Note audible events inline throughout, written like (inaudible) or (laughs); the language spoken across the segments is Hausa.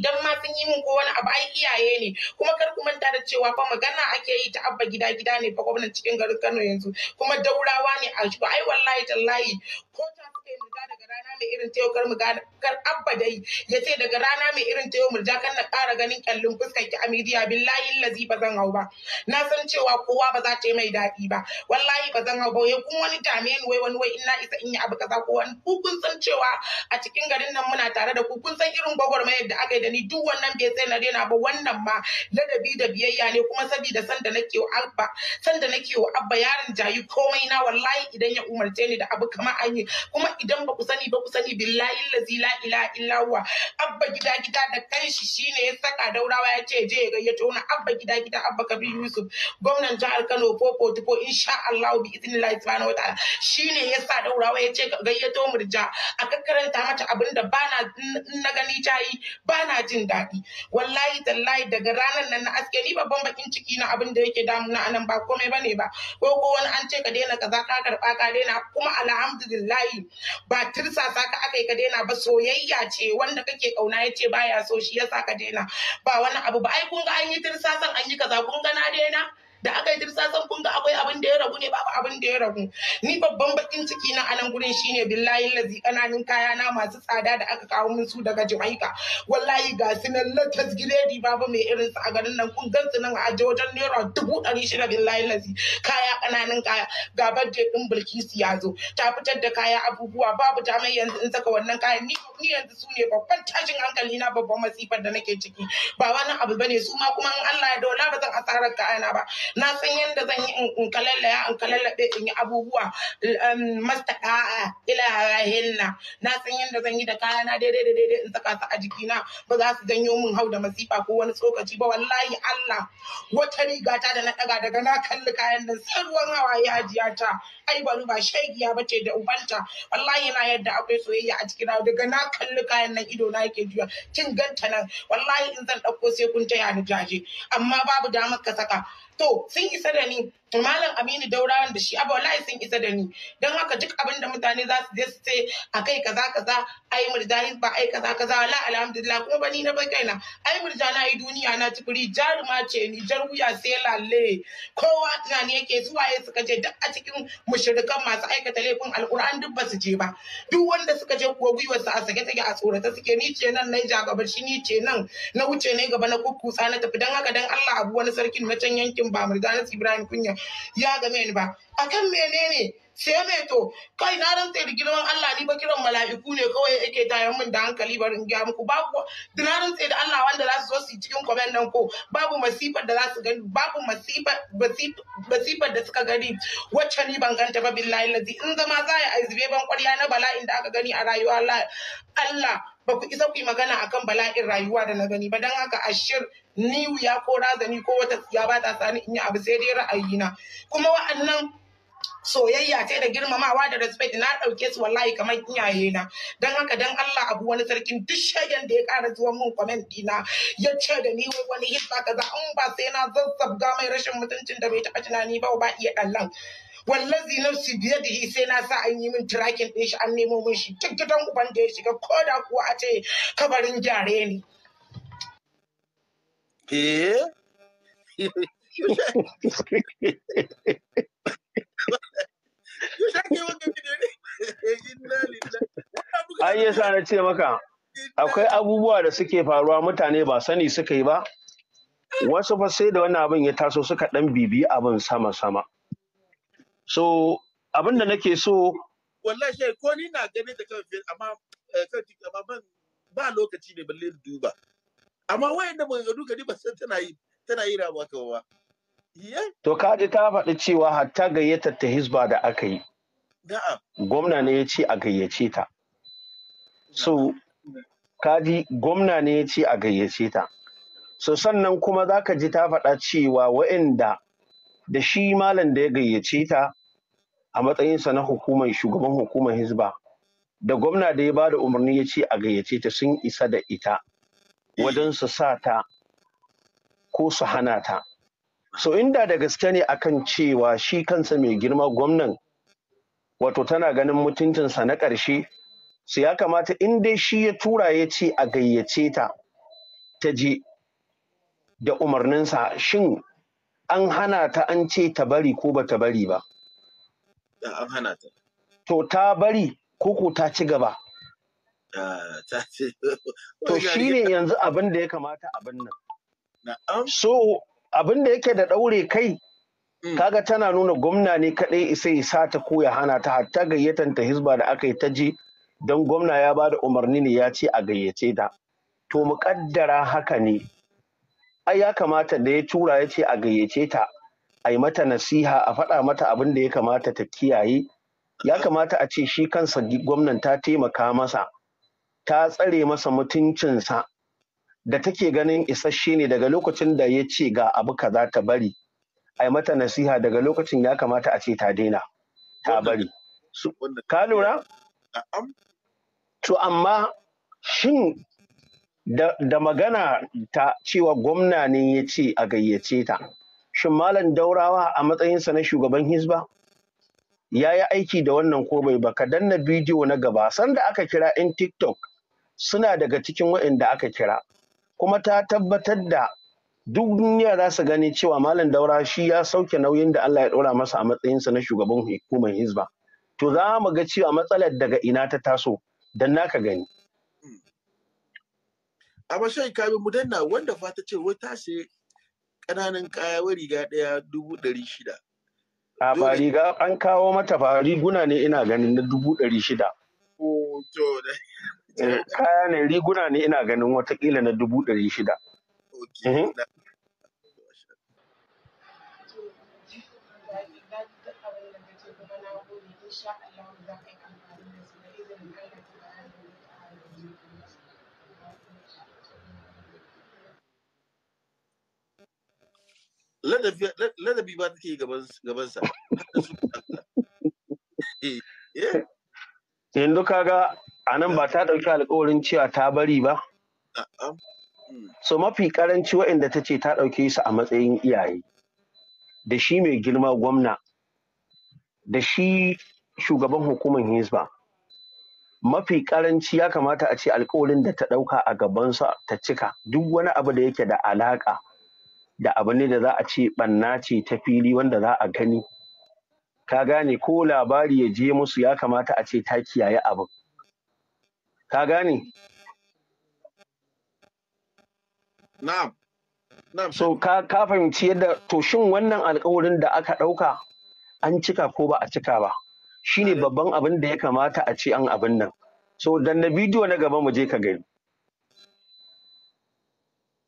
idan ma sun yi min ko wani abu ai iyaye ne kuma kar ku manta da cewa fa magana ake yi ta abba gida gida ne fa gwamnan cikin garin Kano yanzu kuma daurawa ne a shi ai wallahi tallahi ko ta kai murja daga rana mai irin ta yau kar kar abba dai ya ce daga rana mai irin ta yau murja kan na ƙara ganin kyallin fuskar ki a midiya billahi lazi ba zan hau ba na san cewa kowa ba za ta yi mai daɗi ba wallahi ba zan hau ba ya kun wani dame ni wai wani wai ina isa in yi abu kaza ko wani ku kun san cewa a cikin garin nan muna tare da ku kun san irin gwagwarmayar da aka yi da ni duk wannan bai sai na daina ba wannan ma ladabi da biyayya ne kuma sabida san da nake wa abba san da nake wa abba yaron jayi komai na wallahi idan ya umarce ni da abu kamar an yi kuma idan ba ku sani ba ku sani billahi lazi la ilaha illa huwa abba gida gida da kanshi shine ya saka daurawa ya ce je ya gayyato na abba gida gida abba Kabi yusuf gwamnan jihar kano ko popo ko insha allahu bi idnillahi subhanahu wataala shine ya sa daurawa ya ce gayyato murja a kakkaranta mata abin da bana na gani ta yi bana jin daɗi wallahi tallahi daga ranar nan na aske ni babban bakin ciki na abin da yake damuna anan ba komai bane ba ko ko wani an ce ka daina kaza ka karba ka daina kuma alhamdulillahi ba tirsa tirsasa ka aka yi ka daina ba soyayya ce wanda kake kauna ya ce baya so shi yasa ka daina ba wani abu ba ai kun ga an yi tirsa san an yi kaza kun ga na daina da aka yi dirsasan kun ga akwai abin da ya ragu ne babu abin da ya ragu ni babban bakin ciki na anan gurin shine billahi lazi kananin kaya na masu tsada da aka kawo min su daga Jamaica wallahi ga su nan latas giredi babu mai irin su a garin nan kun gansu nan a aje wajen naira dubu ɗari shida billahi lazi kaya kananin kaya ga birthday din Bilkisu ya zo ta fitar da kaya abubuwa babu ta mai yanzu in saka wannan kayan ni ni yanzu su ne babban tashin hankali na babban masifar da nake ciki ba wani abu bane su ma kuma in Allah ya dola ba zan asarar kayana ba na san yadda zan yi in ya in kalallabe in yi abubuwa um, mastaka ila rahilna na san yadda zan yi da kayana daidai da daidai in saka su a jikina ba za su janyo min hau da masifa ko wani tsokaci ba wallahi Allah wata riga ta da na daga daga na kalli kayan nan sai ruwan hawaye hajiya ta ai bari ba shaigiya ba ce da ubanta wallahi na yadda akwai soyayya a cikin daga na kalli kayan nan ido na yake juya kin ganta nan wallahi in zan dauko sai kun taya ni jaje amma babu damar ka saka tu, sim, isso era é lindo. malam aminu daurawan da shi abu wallahi sun isa da ni don haka duk abin da mutane za su je su ce a kai kaza kaza ai murjani ba ai kaza kaza wala alhamdulillah kuma ba ni na bai a ai murjani a yi duniya na tukuri jaruma ce ni jar wuya sai lalle kowa tunani yake zuwa ya suka je duk a cikin mushirikan masu aikata laifin alkur'an duk ba su je ba duk wanda suka je kuwa gwiwar su a sake take a tsorata suke ni ce nan na ja gaba shi ni ce nan na wuce ne gaba na kukkusa na tafi don haka dan Allah abu wani sarkin na can yankin ba murjani Ibrahim kunya ya game ni ba a akan menene sai me to kai na rantse da girman Allah ni ba kiran mala'iku ne kawai yake tayar min da hankali bari in gaya muku babu da na rantsa da Allah wanda za su zo su cikin comment nan ko babu masifar da za su gani babu masifar masifar da suka gani wacce ni ban ganta ba billahi lazi in zama za a yi zube ban kwarya na bala'in da aka gani a rayuwa Allah ba ku isa ku yi magana akan bala'in rayuwa da na gani ba don haka ashir ni ya ko razani ko wata ya ba ta sani in yi abu sai dai ra'ayi na. kuma wa'annan soyayya ce da girmamawa da respect na ɗauke su wallahi kamar iyaye na don haka don Allah abu wani sarkin duk shagen da ya ƙara zuwa mun comment dina ya ce da ni wai wani hit kaza in ba sai na zazzabga mai rashin mutuncin da bai taɓa tunani ba ba iya ɗallan wallazi nafsi biyadihi sai na sa an yi min tracking din shi an nemo min shi duk gidan uban da ya shiga ko da kuwa a ce kabarin gyare ne eh yasa na ce maka akwai abubuwa da suke faruwa mutane ba sani suka yi ba wasu fa sai da wannan abin ya taso suka dan bibi abin sama-sama so abin da nake so wallahi shai ko ni na ganin da kan amma eh, kan amma ban ba lokaci ne balle duba amma wayan da ban duka ni ba san tana yi tana yi rawa kawa to kaji ta faɗi cewa hatta gayyatar ta hisba da aka yi gwamna ne ya ce a gayyace ta so kaji gwamna ne ya ce a gayyace ta so sannan kuma za ka ji ta faɗa cewa wa'inda da shi malam da ya gayyace ta a matsayinsa na hukumar shugaban hukumar Hisba, da gwamna da ya da umarni ya ce a gayyace ta sun isa da ita wajen su sa ta ko su hana ta so inda da gaske ne a kan cewa shi kansa mai girma gwamnan wato tana ganin mutuncinsa na ƙarshe su ya kamata in dai shi ya tura ya ce a gayyace ta ta je da umarninsa shin an hana ta an ce ta bari ko ba ta bari ba an hana ta to ta bari koko ta ci gaba (laughs) to ne yanzu abin da ya kamata abin nan so abin da yake da ɗaure kai mm. kaga tana nuna gwamna ne kaɗai isa ya sata ko ya hana ta hatta gayyatan ta hizba da aka yi ta je don gwamna ya ba da umarni ne ya ce a gayyace ta to muƙaddara haka ne ai ya kamata da ya tura ya ce a gayyace ta Ai mata nasiha a faɗa mata abin da ya kamata ta kiyaye ya kamata a ce shi kansa gwamnan ta taimaka masa ta tsare masa mutuncinsa da take ganin isasshe ne daga lokacin da ya ce ga abu kaza ta bari a mata nasiha daga lokacin ya kamata a ce ta daina ta bari ka lura to amma shin da, magana ta cewa gwamna ne ya ce a gayyace ta shin malam daurawa a matsayinsa na shugaban hizba ya yi aiki da wannan ko bai ba ka danna bidiyo na gaba sanda aka kira in tiktok suna daga cikin waɗanda aka kira kuma ta tabbatar da duk duniya za su gani cewa malam daura shi ya sauke nauyin da Allah ya ɗora masa a matsayinsa na shugaban hukumar hizba to za mu ga cewa matsalar daga ina ta taso dan naka gani hmm. A mashayin kabin mu danna wanda fata ce wai ta ƙananan kaya wa riga ɗaya dubu ɗari shida. A ba riga an kawo mata ba riguna ne ina ganin na dubu ɗari shida. Eh, kaya ne riguna ne ina ganin watakila na dubu ɗari shida. Mhm. Insha ladabi ba take gabansa (laughs) eh, eh. yanzu kaga a nan ba ta ɗauki alƙawarin cewa ta bari ba hmm. so mafi ƙaranci waɗanda ta ce ta ɗauke su a matsayin iyaye da shi mai girma gwamna da shi shugaban hukumar hisba mafi ƙaranci ya kamata a ce alkawarin da ta ɗauka a gabansa ta cika duk wani abu da yake da alaƙa da abu ne da za a ce ɓanna ce ta fili wanda za a gani ka gane ko labari ya je musu ya kamata a ce ta kiyaye abin ka gane so ka fahimci yadda to shin wannan alƙawarin da aka ɗauka an cika ko ba a cika ba shine babban abin da ya kamata a ce an abin nan so dan na bidiyo na gaba mu je ka gani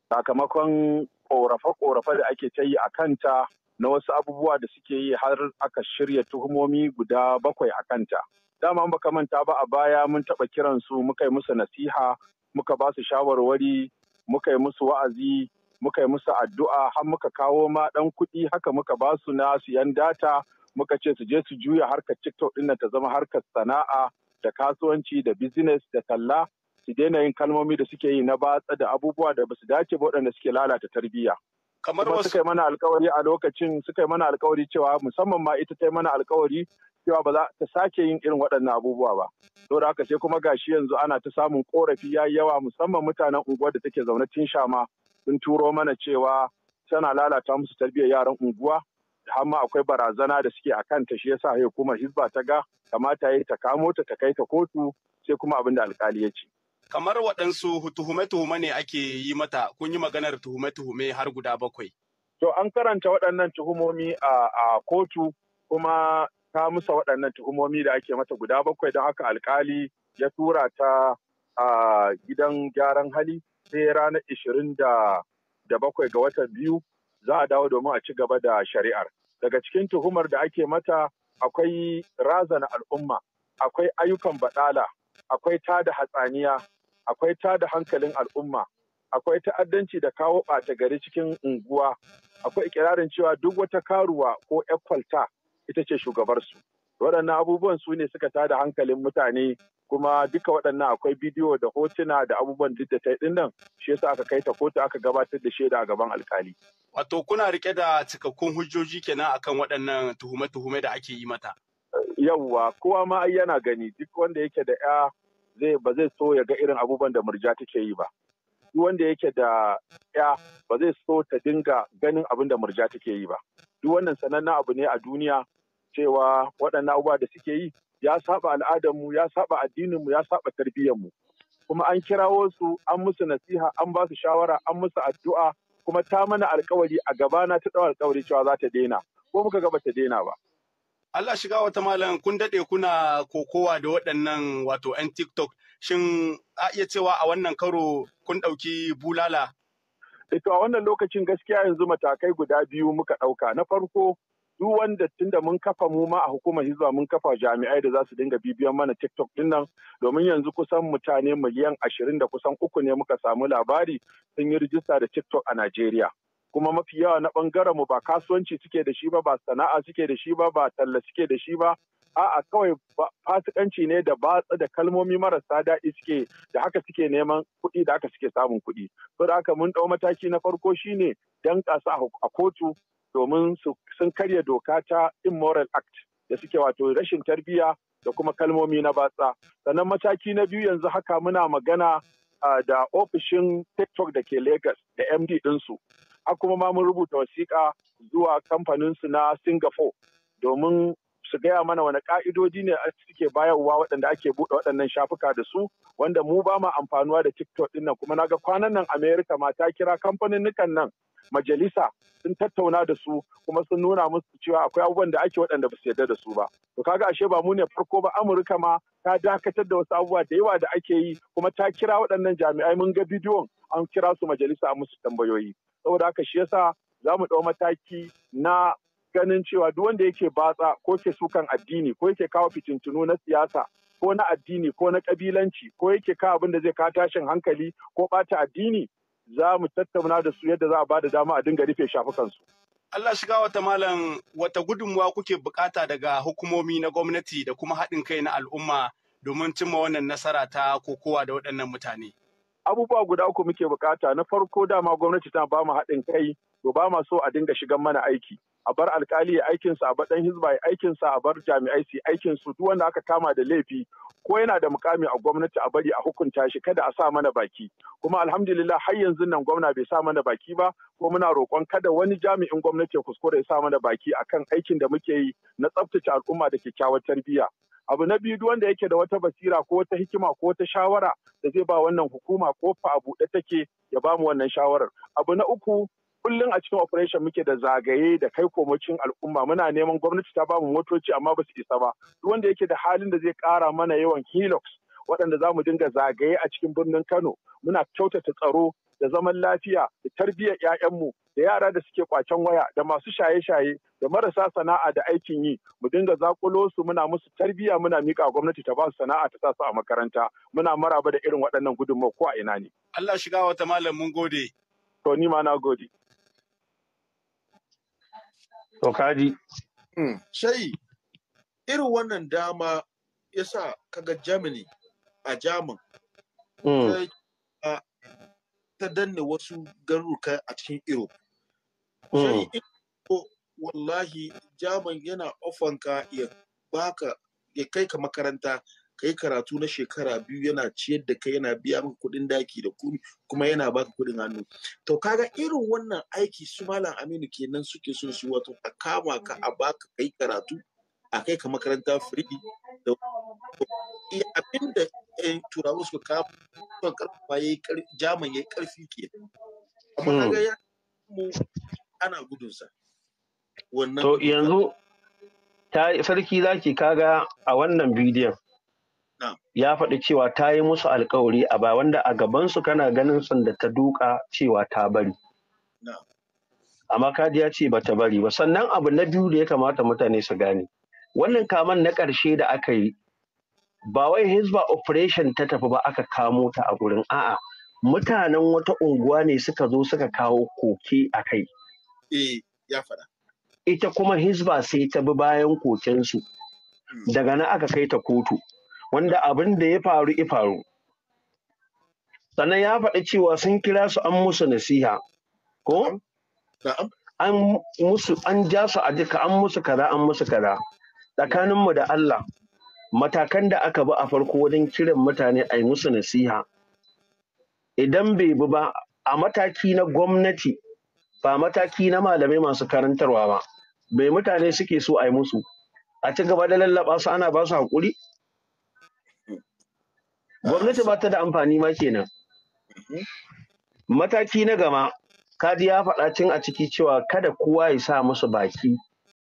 sakamakon ƙorafe korafe da ake ta yi a kanta na wasu abubuwa da suke yi har aka shirya tuhumomi guda bakwai a kanta. Dama baka manta ba a baya mun taɓa kiran su muka yi musu nasiha, muka ba su shawarwari, muka yi musu wa'azi, muka yi musu addu'a har muka kawo ma ɗan kuɗi haka muka ba su na su yan data, muka ce su je su juya harkar TikTok ɗin ta zama harkar sana'a da kasuwanci da business da talla su daina yin kalmomi da suke yi na batsa da abubuwa da basu dace ba waɗanda suke lalata tarbiyya. kamar wasu suka yi mana alkawari a lokacin suka yi mana alkawari cewa musamman ma ita ta yi mana alkawari cewa ba za ta sake yin irin waɗannan abubuwa ba saboda haka sai kuma gashi yanzu ana ta samun korafi ya yawa musamman mutanen unguwa da take zaune tun shama sun turo mana cewa tana lalata musu tarbiyyar yaran unguwa har ma akwai barazana da suke a ta shi yasa hukumar hizba ta ga kamata ya ta kamo ta ta kai ta kotu sai kuma abin da alkali ya ce. kamar waɗansu tuhume-tuhume ne ake yi mata kun yi maganar tuhume-tuhume har guda bakwai. To an karanta waɗannan tuhumomi a kotu kuma ta musa waɗannan tuhumomi da ake mata guda bakwai don haka alkali ya tura ta a gidan gyaran hali sai ranar ishirin da bakwai ga watan biyu za a dawo domin a ci gaba da shari'ar. Daga cikin tuhumar da ake mata akwai razana al'umma, akwai ayyukan baɗala, akwai tada hatsaniya, akwai ta da hankalin al'umma akwai ta'addanci da kawo ɓata gari cikin unguwa akwai ikirarin cewa duk wata karuwa ko kwalta ita ce shugabarsu waɗannan abubuwan su ne suka tada hankalin mutane kuma duka waɗannan akwai bidiyo da hotuna da abubuwan duk da ta ɗin nan shi yasa aka kai ta kotu aka gabatar da shaida a gaban alkali. Wato kuna rike da cikakkun hujjoji kenan akan waɗannan tuhume-tuhume da ake yi mata. Yawwa kowa ma ai yana gani duk wanda yake da ya zai ba zai so ya ga irin abubuwan da murja take yi ba duk wanda yake da ya ba zai so ta dinga ganin abin da murja take yi ba duk wannan sanannen abu ne a duniya cewa waɗannan abubuwa da suke yi ya saba al'adarmu ya saba addininmu ya saba tarbiyyarmu kuma an kirawo su an musu nasiha an ba su shawara an musu addu'a kuma ta mana alkawari a gabana ta ɗaura alkawari cewa za ta daina ko muka gaba ta daina ba Allah shiga wata malam kun daɗe kuna kokowa da waɗannan wato 'yan TikTok shin a iya cewa a wannan karo kun ɗauki bulala? Ito eh, a wannan lokacin gaskiya yanzu matakai guda biyu muka ɗauka. Na farko duk wanda tunda mun kafa mu ma a hukumar hizba mun kafa jami'ai da za su dinga bibiyan mana TikTok din nan domin yanzu kusan mutane miliyan ashirin da kusan uku ne muka samu labari sun yi rijista da TikTok a Najeriya. kuma mafi yawa na bangaren mu ba kasuwanci suke da shi ba ba sana'a suke da shi ba ba talla suke da shi ba a'a kawai fasikanci ne da batsa da kalmomi marasa daɗi suke da haka suke neman kuɗi da haka suke samun kuɗi so da haka mun ɗau mataki na farko shine dan ƙasa a kotu domin sun karya doka ta immoral act da suke wato rashin tarbiyya da kuma kalmomi na batsa sannan mataki na biyu yanzu haka muna magana ah, da ofishin tiktok da ke lagos da md ɗinsu a kuma ma mun rubuta wasiƙa zuwa kamfanin su na Singapore domin su gaya mana wani ka'idoji ne suke bayarwa waɗanda ake buɗe waɗannan shafuka da su wanda mu ba ma amfanuwa da TikTok ɗin nan kuma naga kwanan nan America ma ta kira kamfanin nan majalisa sun tattauna da su kuma sun nuna musu cewa akwai abubuwan da ake waɗanda ba su yarda da su ba to kaga ashe ba mu ne farko ba amurka ma ta dakatar da wasu abubuwa da yawa da ake yi kuma ta kira waɗannan jami'ai mun ga bidiyon an kira su majalisa a musu tambayoyi saboda haka shi yasa za mu ɗau mataki na ganin cewa duk wanda yake batsa ko ke sukan addini ko yake kawo fitintunu na siyasa ko na addini ko na kabilanci ko yake kawo abin da zai kawo tashin hankali ko ɓata addini za mu tattauna da su yadda za a bada dama a dinga rufe shafukansu. Allah shiga wata malam wata gudunmuwa kuke bukata daga hukumomi na gwamnati da kuma haɗin kai na al'umma domin cimma wannan nasara ta kokowa da waɗannan mutane. abubuwa guda uku muke bukata na farko dama gwamnati tana ba mu haɗin kai to ba ma so a dinga shigan mana aiki a bar alkali ya aikinsa a bar dan hizba ya aikinsa a bar jami'ai su aikin su duk wanda aka kama da laifi ko yana da mukami a gwamnati a bari a hukunta shi kada a sa mana baki kuma alhamdulillah har yanzu nan gwamna bai sa mana baki ba ko muna roƙon kada wani jami'in gwamnati ya kuskure ya sa mana baki akan aikin da muke yi na tsaftace al'umma da kyakkyawar tarbiyya abu na biyu wanda yake da wata basira ko wata hikima ko wata shawara da zai ba wannan hukuma ko fa a buɗe take ya ba mu wannan shawarar abu na uku kullum a cikin operation muke da zagaye da kai komocin al'umma muna neman gwamnati ta ba mu motoci amma ba su isa ba duk wanda yake da halin da zai kara mana yawan hilux waɗanda za mu dinga zagaye a cikin birnin Kano muna kyautata tsaro da zaman lafiya da tarbiyyar 'ya'yanmu da yara da suke kwacen waya da masu shaye-shaye da marasa sana'a da aikin yi mu dinga zakulo su muna musu tarbiyya muna mika gwamnati ta ba su sana'a ta sa su a makaranta muna maraba da irin waɗannan gudunmawa ko a ina ne. Allah shiga wata malam mun gode. To ni ma na gode. To kaji. Hmm. Shai irin wannan dama yasa kaga Germany a Jamus. Hmm. ta danne wasu garuruka a cikin Europe. Sai hmm. wallahi German yana ofanka ya baka ya kai ka makaranta ka yi karatu na shekara biyu yana ciyar da kai yana biya maka kuɗin daki da kumi kuma yana baka kuɗin hannu to kaga irin wannan aiki su malam aminu kenan suke son su wato a kama ka a baka kai karatu a kai ka makaranta free da abin da turawa suka kama son hmm. ya jaman ga wannan to yanzu sarki zaki kaga a wannan bidiyon ya faɗi cewa ta yi musu alkawari a ba wanda a gaban gabansu kana ganin sanda ta duka cewa ta bari amma kadi ya ce bata bari ba sannan abu na biyu da ya kamata mutane su gane wannan kaman na ƙarshe da aka yi ba wai hizba operation ta tafi ba aka kamo ta a gurin a'a mutanen wata unguwa ne suka zo suka kawo koke a kai eh, ita kuma hizba sai ta bi bayan kokensu hmm. daga nan aka kai ta kotu wanda abin da ya faru ya faru sannan ya faɗi cewa sun kira su an musu nasiha ko an musu an ja su a duka an musu kaza an musu kaza tsakaninmu da Allah matakan da aka bi a farko wajen kiran mutane a yi musu nasiha idan bai bi ba a mataki na gwamnati ba mataki na malamai masu karantarwa ba bai mutane suke so a yi musu a ci gaba da lallaba su ana ba su haƙuri gwamnati ba ta da amfani ma kenan mataki na gama kadi ya faɗa tun a ciki cewa kada kowa ya sa musu baki